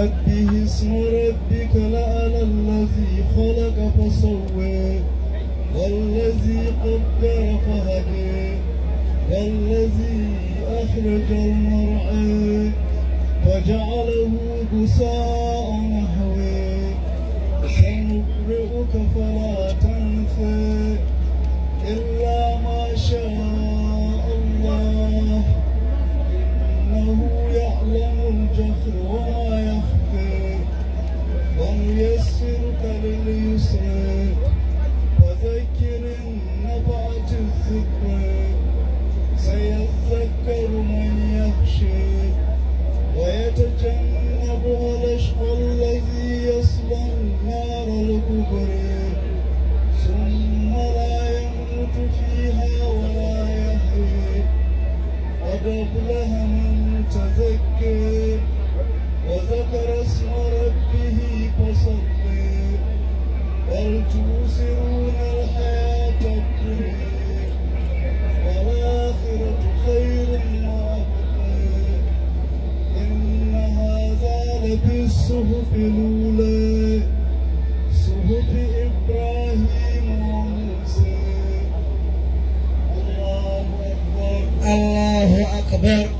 سبح اسم ربك الأعلى الذي خلق فسوى والذي قدر فهدى والذي أخرج المرعى فجعله غثاء الذكرى سيذكر من يخشى ويتجنبها الأشقى الذي يصلى النار الكبرى ثم لا يموت فيها ولا يحيى قد أفلح من تزكى وذكر اسم ربه فصلى بل توسرون الحياة الدنيا خير إن هذا لفي الصحف الأولى صحف إبراهيم وموسى الله أكبر الله أكبر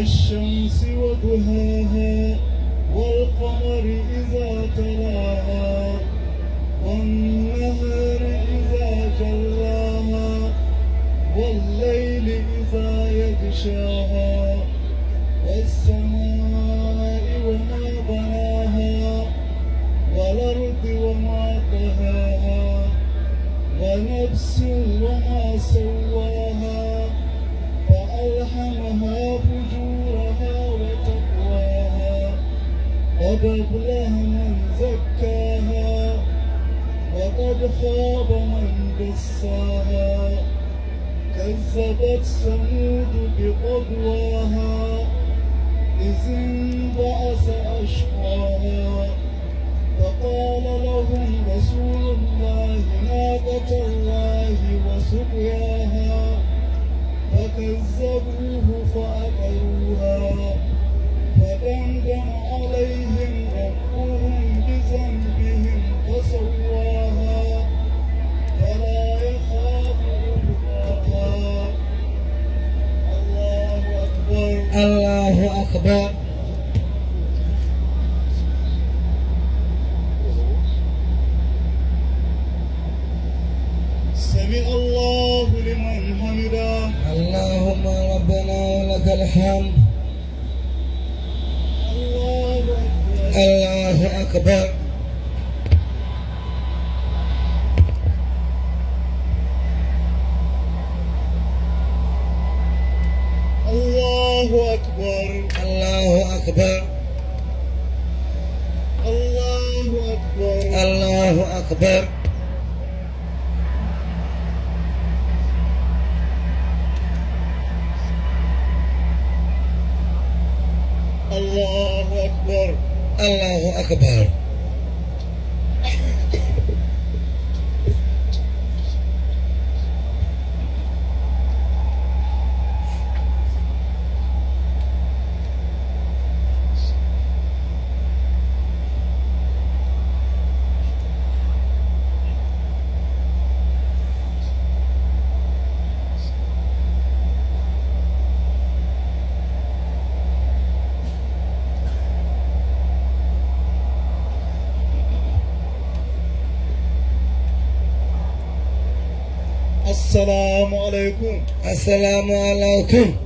الشمس وضحاها والقمر إذا تلاها والنهار إذا جلاها والليل إذا يغشاها والسماء وما بناها والأرض وما طهاها ونفس وما سواها فألهمها وقد أفلح من زكاها وقد خاب من دساها كذبت ثمود بقدواها إذ انبعث أشقاها فقال لهم رسول الله ناقة الله وسقياها فكذبوه فأكلوها فدمت ربنا ولك الحمد الله أكبر الله أكبر الله أكبر الله أكبر الله أكبر الله أكبر السلام عليكم السلام عليكم